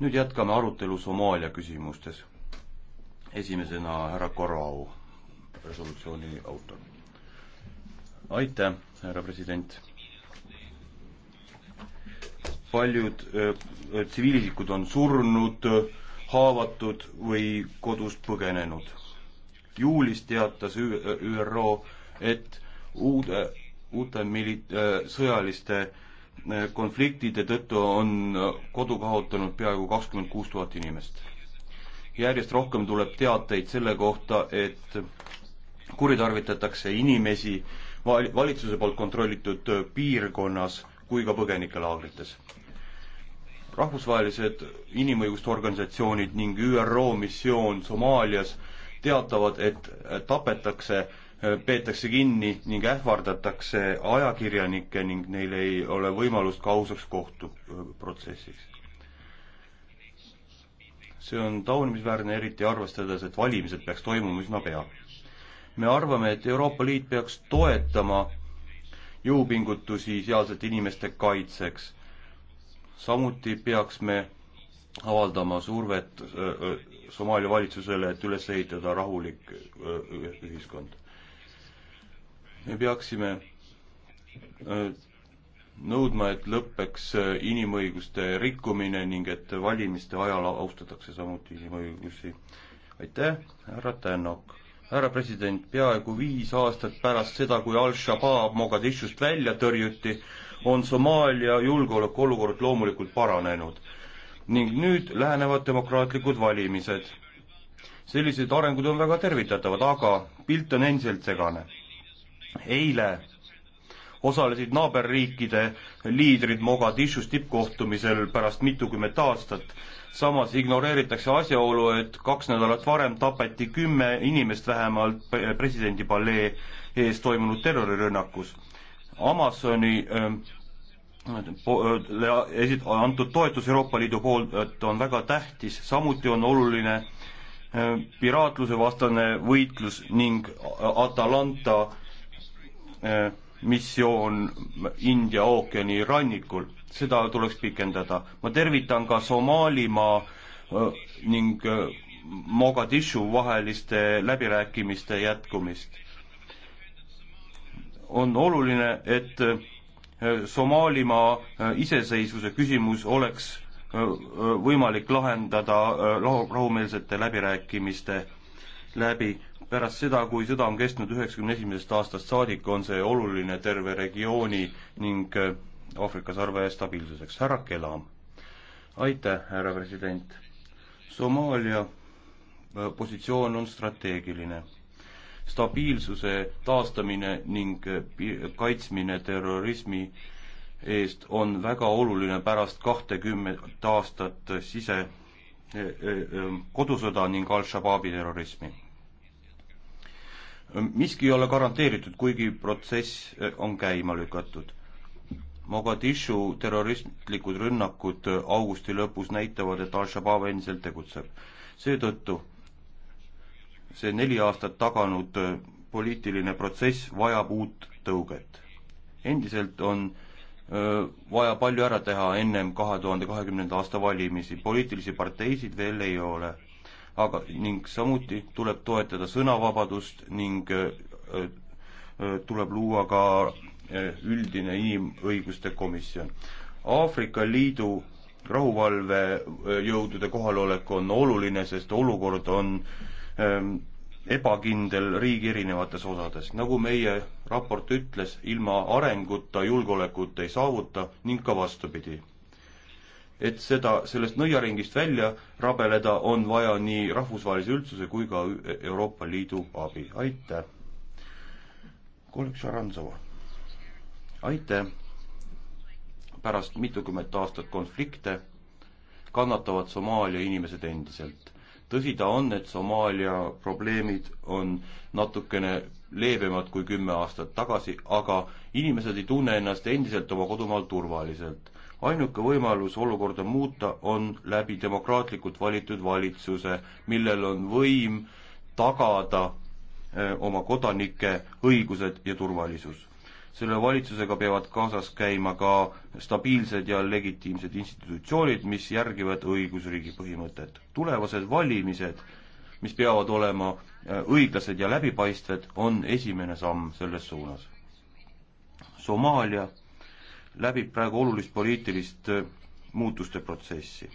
nüüd jätkame arutelu Somaalia küsimustes. esimesena härra Korrao, resolutsiooni autor. aitäh, härra president. paljud äh, äh, tsiviilisikud on surnud, haavatud või kodust põgenenud. juulis teatas ÜRO, et uude, uute milit-, äh, sõjaliste äh, konfliktide tõttu on kodu kaotanud peaaegu kakskümmend kuus tuhat inimest. järjest rohkem tuleb teateid selle kohta, et kuritarvitatakse inimesi valitsuse poolt kontrollitud piirkonnas kui ka põgenikelaagrites. rahvusvahelised inimõiguste organisatsioonid ning ÜRO missioon Somaalias teatavad, et tapetakse Äh, peetakse kinni ning ähvardatakse ajakirjanikke ning neil ei ole võimalust ka ausaks kohtuprotsessiks. see on taunimisväärne, eriti arvestades, et valimised peaks toimuma üsna pea. me arvame, et Euroopa Liit peaks toetama jõupingutusi sealsete inimeste kaitseks. samuti peaks me avaldama survet äh, äh, Somaalia valitsusele, et üles ehitada rahulik öö, ühiskond me peaksime äh, nõudma, et lõpeks äh, inimõiguste rikkumine ning et valimiste ajal austatakse samuti inimõigusi. aitäh, härra Tänak. härra president, peaaegu viis aastat pärast seda, kui Al-Shabaab Mogadishust välja tõrjuti, on Somaalia julgeolekuolukord loomulikult paranenud ning nüüd lähenevad demokraatlikud valimised. sellised arengud on väga tervitatavad, aga pilt on endiselt segane eile osalesid naaberriikide liidrid Mogadishus tippkohtumisel pärast mitukümmet aastat. samas ignoreeritakse asjaolu, et kaks nädalat varem tapeti kümme inimest vähemalt presidendi palee ees toimunud terrorirünnakus. Amazoni ähm, äh, esit-, antud toetus Euroopa Liidu poolt on väga tähtis, samuti on oluline äh, piraatluse vastane võitlus ning Atalanta Äh, missioon India ookeani rannikul, seda tuleks pikendada. ma tervitan ka Somaalimaa äh, ning äh, Mogadishu vaheliste läbirääkimiste jätkumist. on oluline, et Somaalimaa iseseisvuse küsimus oleks võimalik lahendada rahumeelsete läbirääkimiste läbi. pärast seda, kui sõda on kestnud üheksakümne esimesest aastast saadik, on see oluline terve regiooni ning äh, Aafrika sarve stabiilsuseks. härra Kelam. aitäh, härra president. Somaalia äh, positsioon on strateegiline. stabiilsuse taastamine ning äh, kaitsmine terrorismi eest on väga oluline pärast kahtekümmet aastat sise- Eh, eh, eh, kodusõda ning Al-Shabaabi terrorismi. Ehm, miski ei ole garanteeritud, kuigi protsess on käima lükatud. Mogadishu terroristlikud rünnakud augusti lõpus näitavad, et Al-Shabaab endiselt tegutseb. seetõttu see neli aastat taganud poliitiline protsess vajab uut tõuget. endiselt on äh, vaja palju ära teha ennem kahe tuhande kahekümnenda aasta valimisi, poliitilisi parteisid veel ei ole. aga, ning samuti tuleb toetada sõnavabadust ning öö, tuleb luua ka üldine inimõiguste komisjon. Aafrika Liidu rahuvalvejõudude kohalolek on oluline, sest olukord on öö, ebakindel riigi erinevates osades, nagu meie raport ütles, ilma arenguta julgeolekut ei saavuta ning ka vastupidi. et seda, sellest nõiaringist välja rabeleda, on vaja nii rahvusvahelise üldsuse kui ka Euroopa Liidu abi, aitäh. kolleeg Šarantsova, aitäh. pärast mitukümmet aastat konflikte kannatavad Somaalia inimesed endiselt tõsi ta on, et Somaalia probleemid on natukene leebemad kui kümme aastat tagasi, aga inimesed ei tunne ennast endiselt oma kodumaal turvaliselt. ainuke võimalus olukorda muuta on läbi demokraatlikult valitud valitsuse, millel on võim tagada eh, oma kodanike õigused ja turvalisus. selle valitsusega peavad kaasas käima ka stabiilsed ja legitiimsed institutsioonid, mis järgivad õigusriigi põhimõtet. tulevased valimised mis peavad olema äh, õiglased ja läbipaistvad, on esimene samm selles suunas. Somaalia läbib praegu olulist poliitilist äh, muutuste protsessi.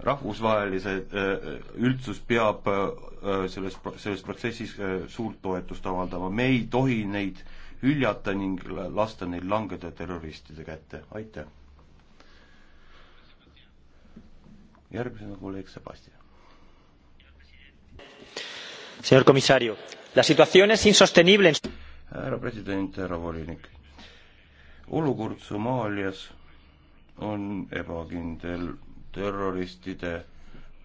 rahvusvahelise äh, üldsus peab selles, selles protsessis suurt toetust avaldama, me ei tohi neid hüljata ning lasta neil langeda terroristide kätte, aitäh! järgmisena kolleeg Sebastian. Señor comisario, la situación es insostenible. härra president, härra volinik. olukord Somaalias on ebakindel, terroristide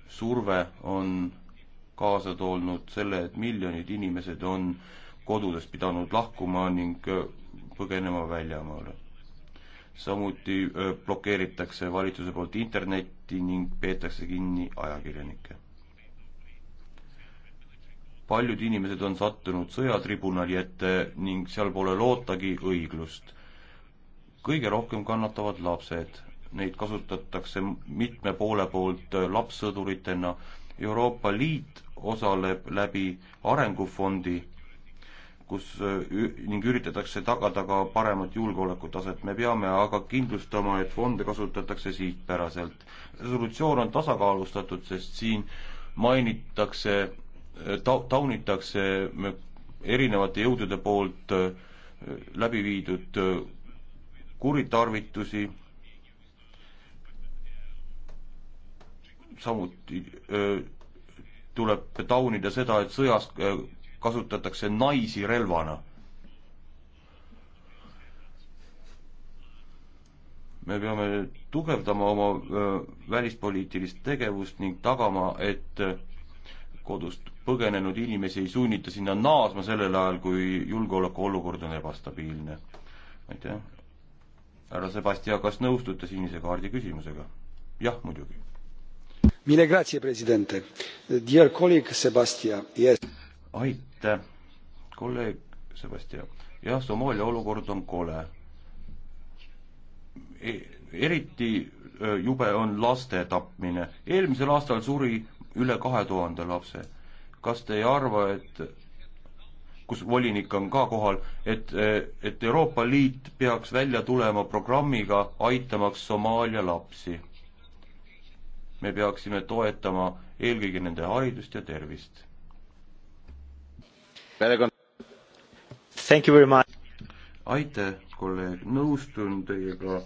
surve on kaasa toonud selle, et miljonid inimesed on kodudest pidanud lahkuma ning põgenema väljamaale samuti blokeeritakse valitsuse poolt internetti ning peetakse kinni ajakirjanikke. paljud inimesed on sattunud sõjatribunali ette ning seal pole lootagi õiglust. kõige rohkem kannatavad lapsed, neid kasutatakse mitme poole poolt lapssõduritena, Euroopa Liit osaleb läbi arengufondi kus äh, ning üritatakse tagada ka paremat julgeolekutaset. me peame aga kindlustama, et fonde kasutatakse sihtpäraselt. resolutsioon on tasakaalustatud, sest siin mainitakse, äh, ta-, taunitakse äh, erinevate jõudude poolt läbi viidud kuritarvitusi, samuti öö, tuleb taunida seda, et sõjas kasutatakse naisi relvana. me peame tugevdama oma välispoliitilist tegevust ning tagama, et kodust põgenenud inimesi ei sunnita sinna naasma sellel ajal, kui julgeolekuolukord on ebastabiilne. aitäh. härra Sebastian, kas nõustute sinise kaardi küsimusega? jah, muidugi. Mille grazie, president. Dear colleague Sebastian, yes. aitäh aitäh, kolleeg Sebastian. jah, Somaalia olukord on kole e. eriti jube on laste tapmine. eelmisel aastal suri üle kahe tuhande lapse. kas te ei arva, et kus volinik on ka kohal, et, et Euroopa Liit peaks välja tulema programmiga aitamaks Somaalia lapsi? me peaksime toetama eelkõige nende haridust ja tervist aitäh, kolleeg, nõustun teiega.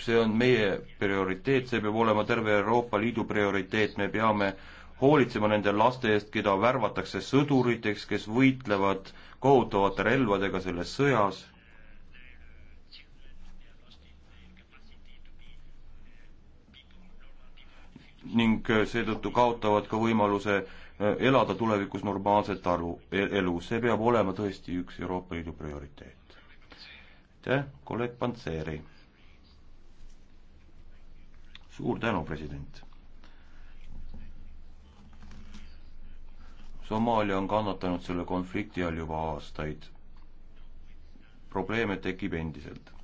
see on meie prioriteet, see peab olema terve Euroopa Liidu prioriteet, me peame hoolitsema nende laste eest, keda värvatakse sõduriteks, kes võitlevad kohutavate relvadega selles sõjas. ning seetõttu kaotavad ka võimaluse Äh, elada tulevikus normaalset aru, e-, elu, see peab olema tõesti üks Euroopa Liidu prioriteet. aitäh, kolleeg Pantseri. suur tänu, president. Somaalia on kannatanud selle konflikti all juba aastaid. probleeme tekib endiselt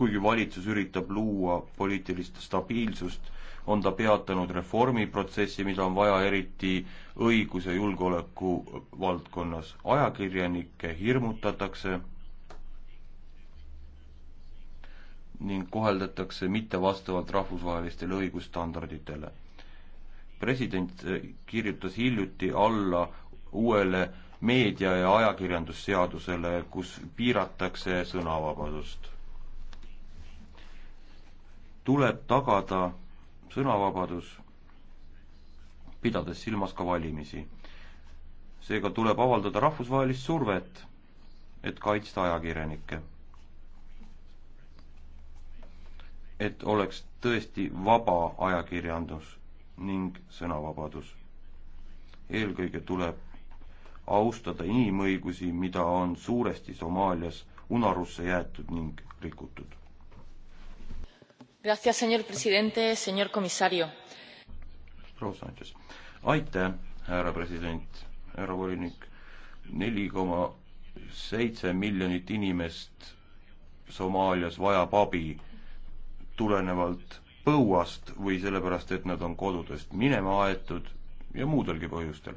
kuigi valitsus üritab luua poliitilist stabiilsust, on ta peatanud reformiprotsessi, mida on vaja eriti õigus- ja julgeoleku valdkonnas. ajakirjanikke hirmutatakse ning koheldatakse mitte vastavalt rahvusvahelistele õigusstandarditele. president eh, kirjutas hiljuti alla uuele meedia- ja ajakirjandusseadusele, kus piiratakse sõnavabadust tuleb tagada sõnavabadus, pidades silmas ka valimisi. seega tuleb avaldada rahvusvahelist survet, et kaitsta ajakirjanikke. et oleks tõesti vaba ajakirjandus ning sõnavabadus. eelkõige tuleb austada inimõigusi, mida on suuresti Somaalias unarusse jäetud ning rikutud señor presidente, señor comisario. proua Sanchez, aitäh, härra president, härra volinik. neli koma seitse miljonit inimest Somaalias vajab abi tulenevalt põuast või sellepärast, et nad on kodudest minema aetud ja muudelgi põhjustel.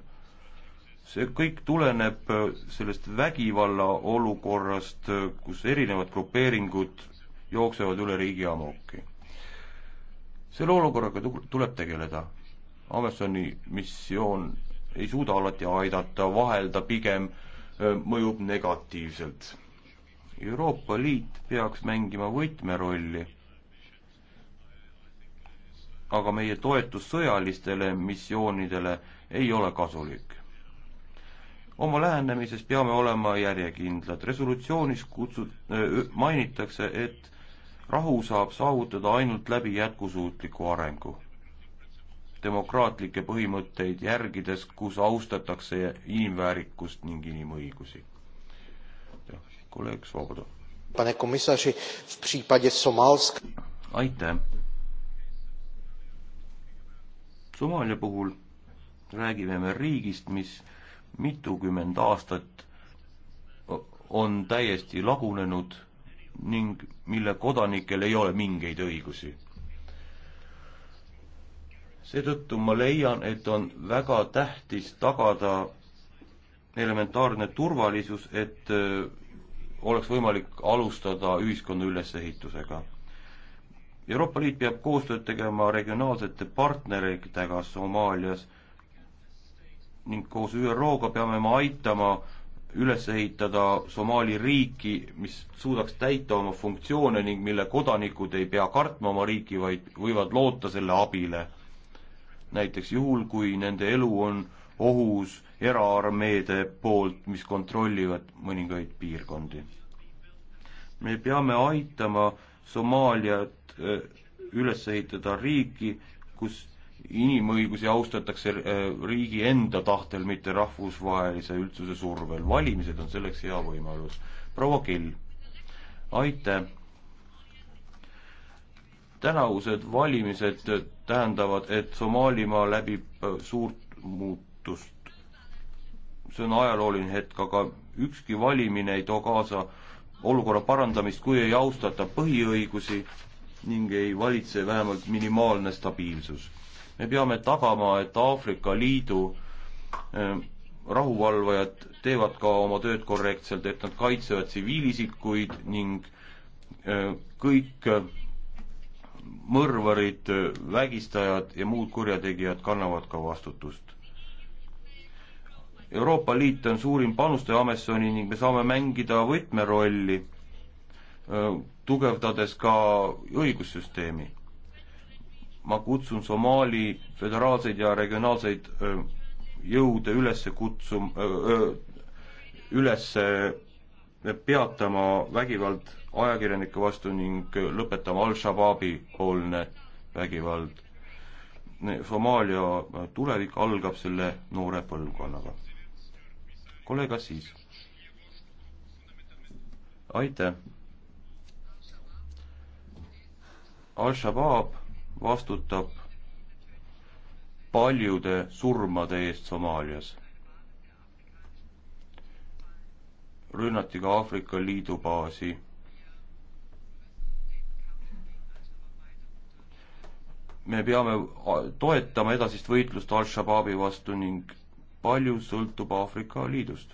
see kõik tuleneb sellest vägivalla olukorrast, kus erinevad grupeeringud jooksevad üle riigi ammuki selle olukorraga tuleb tegeleda. Amazoni missioon ei suuda alati aidata, vahel ta pigem mõjub negatiivselt. Euroopa Liit peaks mängima võtmerolli, aga meie toetus sõjalistele missioonidele ei ole kasulik. oma lähenemises peame olema järjekindlad, resolutsioonis kutsu-, mainitakse, et rahu saab saavutada ainult läbi jätkusuutliku arengu. demokraatlikke põhimõtteid järgides, kus austatakse inimväärikust ning inimõigusi. kolleeg Svoboda. pane komissaři, v případě Somaalsk. aitäh. Somaalia puhul räägime me riigist, mis mitukümmend aastat on täiesti lagunenud ning mille kodanikel ei ole mingeid õigusi. seetõttu ma leian, et on väga tähtis tagada elementaarne turvalisus, et äh, oleks võimalik alustada ühiskonna ülesehitusega. Euroopa Liit peab koostööd tegema regionaalsete partneritega Somaalias ning koos ÜRO-ga peame me aitama üles ehitada Somaali riiki, mis suudaks täita oma funktsioone ning mille kodanikud ei pea kartma oma riiki, vaid võivad loota selle abile. näiteks juhul, kui nende elu on ohus eraarmeede poolt, mis kontrollivad mõningaid piirkondi. me peame aitama Somaaliat äh, üles ehitada riiki, kus inimõigusi austatakse äh, riigi enda tahtel, mitte rahvusvahelise üldsuse survel. valimised on selleks hea võimalus. proua Kill, aitäh! tänavused valimised tähendavad, et Somaalimaa läbib äh, suurt muutust. see on ajalooline hetk, aga ükski valimine ei too kaasa olukorra parandamist, kui ei austata põhiõigusi ning ei valitse vähemalt minimaalne stabiilsus me peame tagama, et Aafrika Liidu eh, rahuvalvajad teevad ka oma tööd korrektselt, et nad kaitsevad tsiviilisikuid ning eh, kõik eh, mõrvarid, vägistajad ja muud kurjategijad kannavad ka vastutust. Euroopa Liit on suurim panustaja Amazoni ning me saame mängida võtmerolli, tugevdades ka õigussüsteemi ma kutsun Somaali föderaalseid ja regionaalseid jõude üles kutsum-, üles peatama vägivald ajakirjanike vastu ning lõpetama Al-Shabaabi poolne vägivald. Somaalia tulevik algab selle noore põlvkonnaga. kolleeg Assis. aitäh. Al-Shabaab vastutab paljude surmade eest Somaalias. rünnati ka Aafrika Liidu baasi. me peame toetama edasist võitlust Al-Shabaabi vastu ning palju sõltub Aafrika Liidust.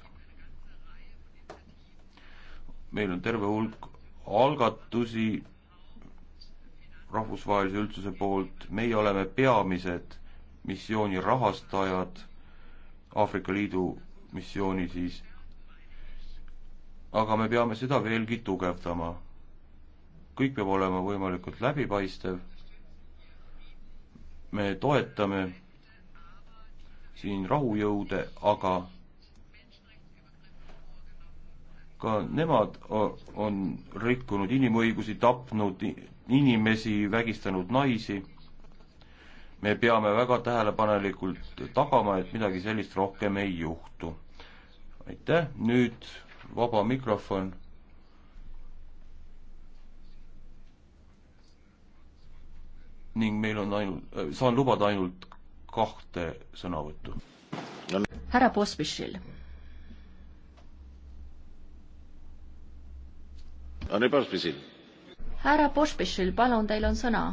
meil on terve hulk algatusi rahvusvahelise üldsuse poolt, meie oleme peamised missiooni rahastajad, Aafrika Liidu missiooni siis, aga me peame seda veelgi tugevdama. kõik peab olema võimalikult läbipaistev, me toetame siin rahujõude, aga ka nemad on rikkunud inimõigusi, tapnud inimesi, vägistanud naisi. me peame väga tähelepanelikult tagama, et midagi sellist rohkem ei juhtu. aitäh, nüüd vaba mikrofon. ning meil on ainult, äh, saan lubada ainult kahte sõnavõttu. härra Pospišil härra Pospišil, palun, teil on sõna.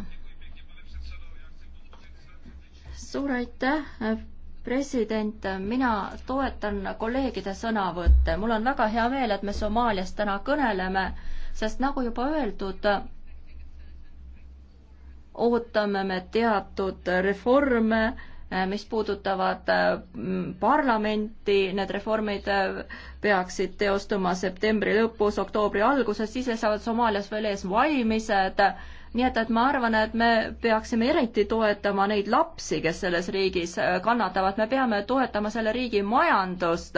suur aitäh, president, mina toetan kolleegide sõnavõtte. mul on väga hea meel, et me Somaaliast täna kõneleme, sest nagu juba öeldud, ootame me teatud reforme Äh, mis puudutavad äh, parlamenti, need reformid äh, peaksid teostuma septembri lõpus, oktoobri alguses, siis seisavad Somaalias veel ees valimised, nii et, et ma arvan, et me peaksime eriti toetama neid lapsi, kes selles riigis kannatavad, me peame toetama selle riigi majandust.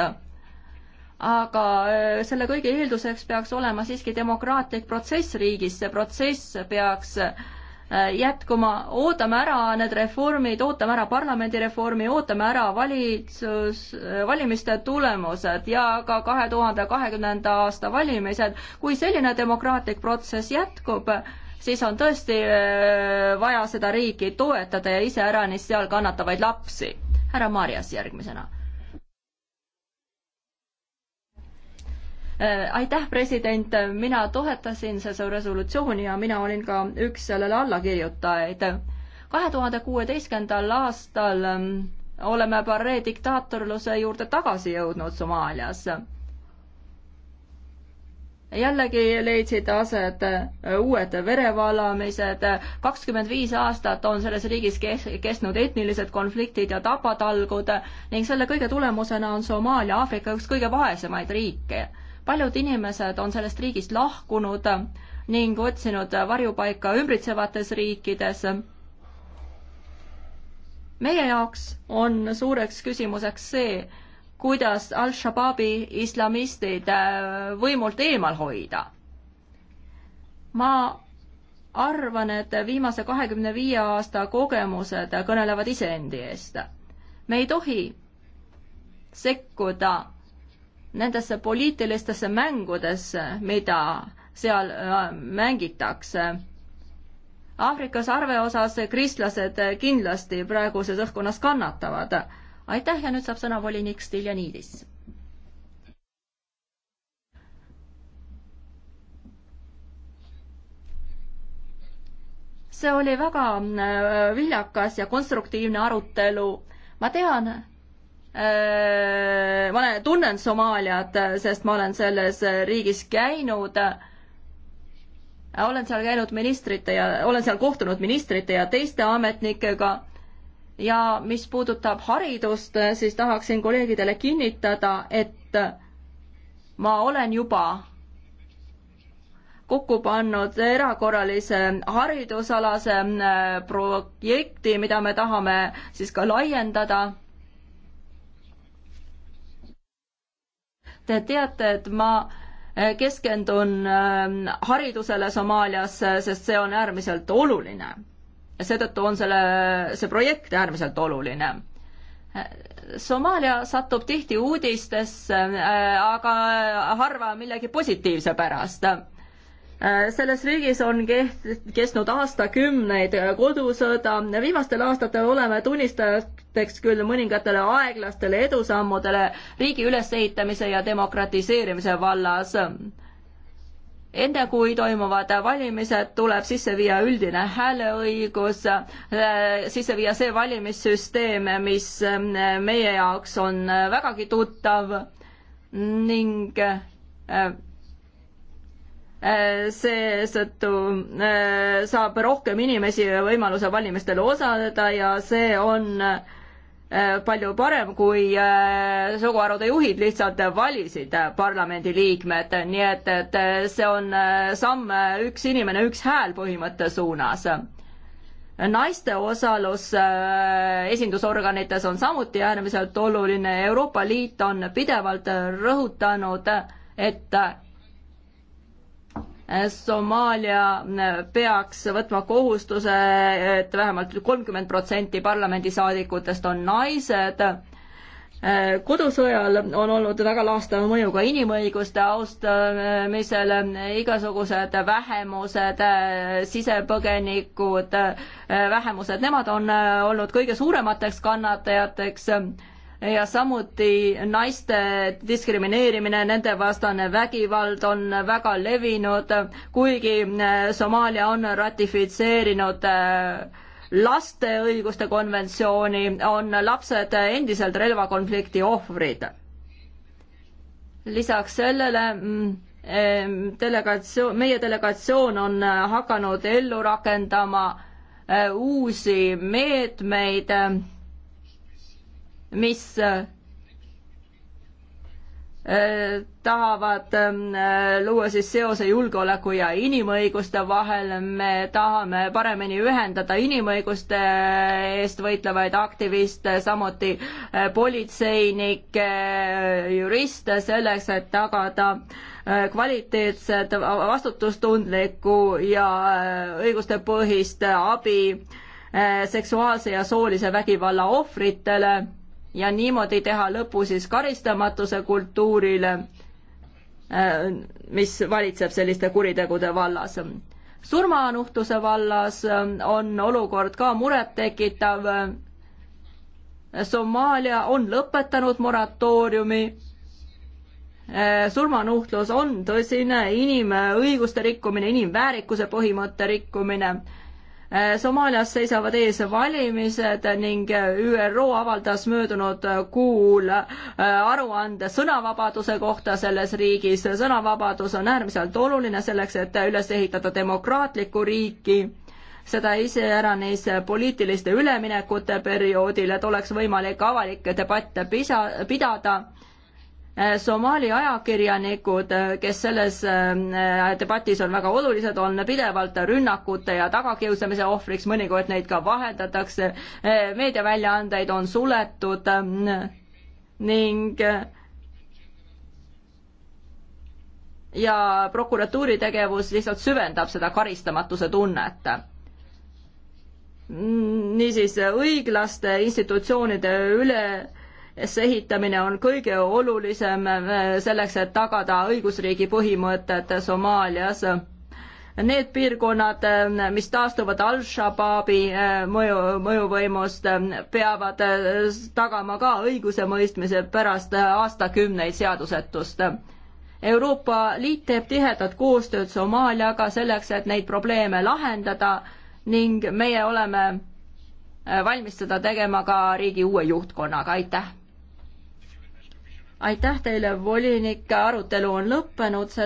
aga selle kõige eelduseks peaks olema siiski demokraatlik protsess riigis, see protsess peaks äh, Äh, jätkuma, ootame ära need reformid, ootame ära parlamendireformi, ootame ära valitsus, äh, valimiste tulemused ja ka kahe tuhande kahekümnenda aasta valimised. kui selline demokraatlik protsess jätkub, siis on tõesti äh, vaja seda riiki toetada ja iseäranis seal kannatavaid lapsi. härra Marjas järgmisena Äh, aitäh, president, mina toetasin seda resolutsiooni ja mina olin ka üks sellele allakirjutajaid. kahe tuhande kuueteistkümnendal aastal ähm, oleme Barre diktaatorluse juurde tagasi jõudnud Somaalias jällegi leidsid aset äh, uued verevalamised, kakskümmend viis aastat on selles riigis kes-, kestnud etnilised konfliktid ja tapatalgud ning selle kõige tulemusena on Somaalia Aafrika üks kõige vaesemaid riike paljud inimesed on sellest riigist lahkunud ning otsinud varjupaika ümbritsevates riikides. meie jaoks on suureks küsimuseks see, kuidas Al-Shabaabi islamistid äh, võimult eemal hoida. ma arvan, et viimase kahekümne viie aasta kogemused kõnelevad iseendi eest. me ei tohi sekkuda nendesse poliitilistesse mängudesse, mida seal äh, mängitakse. Aafrikas arve osas kristlased kindlasti praeguses õhkkonnas kannatavad. aitäh ja nüüd saab sõna volinik Stiljanidis. see oli väga äh, viljakas ja konstruktiivne arutelu. ma tean, Äh, ma olen, tunnen Somaaliat, sest ma olen selles riigis käinud. olen seal käinud ministrite ja, olen seal kohtunud ministrite ja teiste ametnikega. ja mis puudutab haridust, siis tahaksin kolleegidele kinnitada, et ma olen juba kokku pannud erakorralise haridusalase äh, projekti, mida me tahame siis ka laiendada Te teate, et ma eh, keskendun eh, haridusele Somaalias, eh, sest see on äärmiselt oluline. seetõttu on selle, see projekt äärmiselt oluline. Somaalia satub tihti uudistesse, aga harva millegi positiivse pärast Äh, selles riigis on keht-, kestnud aastakümneid äh, kodusõda, viimastel aastatel oleme tunnistajateks küll mõningatele aeglastele edusammudele riigi ülesehitamise ja demokratiseerimise vallas. enne kui toimuvad valimised, tuleb sisse viia üldine hääleõigus, äh, sisse viia see valimissüsteem, mis meie jaoks on vägagi tuttav ning Äh, seetõttu äh, saab rohkem inimesi võimaluse valimistel osaleda ja see on äh, palju parem, kui suguharude juhid lihtsalt valisid parlamendiliikmed, nii et, et see on samm üks inimene, üks hääl põhimõtte suunas. naiste osalus esindusorganites on samuti äärmiselt oluline, Euroopa Liit on pidevalt rõhutanud, et Äh, Somaalia äh, peaks võtma kohustuse, et vähemalt kolmkümmend protsenti parlamendisaadikutest on naised. Äh, kodusõjal on olnud väga laastava mõju ka inimõiguste austamisele, igasugused vähemused, sisepõgenikud, vähemused, nemad on olnud kõige suuremateks kannatajateks ja samuti naiste diskrimineerimine, nende vastane vägivald on väga levinud, kuigi äh, Somaalia on ratifitseerinud äh, laste õiguste konventsiooni, on lapsed endiselt relvakonflikti ohvrid. lisaks sellele mm, delegatsioon, meie delegatsioon on äh, hakanud ellu rakendama uusi meetmeid mis äh, tahavad ähm, äh, luua siis seose julgeoleku ja inimõiguste vahel, me tahame paremini ühendada inimõiguste eest võitlevaid aktiviste, samuti äh, politseinikke, juriste, selleks, et tagada kvaliteetset, vastutustundlikku ja õigustepõhist abi seksuaalse ja soolise vägivalla ohvritele ja niimoodi teha lõpu siis karistamatuse kultuurile, äh, mis valitseb selliste kuritegude vallas. surmanuhtluse vallas äh, on olukord ka murettekitav. Somaalia on lõpetanud moratooriumi. Äh, surmanuhtlus on tõsine inimõiguste rikkumine, inimväärikuse põhimõtte rikkumine Äh, Somaalias seisavad ees valimised ning äh, ÜRO avaldas möödunud äh, kuul aruande sõnavabaduse kohta selles riigis. sõnavabadus on äärmiselt oluline selleks, et üles ehitada demokraatlikku riiki seda iseäranis poliitiliste üleminekute perioodil, et oleks võimalik avalikke debatte pisa, pidada Äh, Somaali ajakirjanikud, äh, kes selles äh, debatis on väga olulised, on pidevalt rünnakute ja tagakiusamise ohvriks, mõnikord neid ka vahendatakse, meediaväljaandeid on suletud ning ja prokuratuuri tegevus lihtsalt süvendab seda karistamatuse tunnet niisiis õiglaste institutsioonide üle ülesehitamine on kõige olulisem eh, selleks, et tagada õigusriigi põhimõtted Somaalias. Need piirkonnad, eh, mis taastuvad Al-Shabaabi eh, mõju, mõjuvõimust, peavad tagama ka õigusemõistmise pärast aastakümneid seadusetust. Euroopa Liit teeb tihedat koostööd Somaaliaga selleks, et neid probleeme lahendada ning meie oleme valmis seda tegema ka riigi uue juhtkonnaga, aitäh! aitäh teile, volinik, arutelu on lõppenud.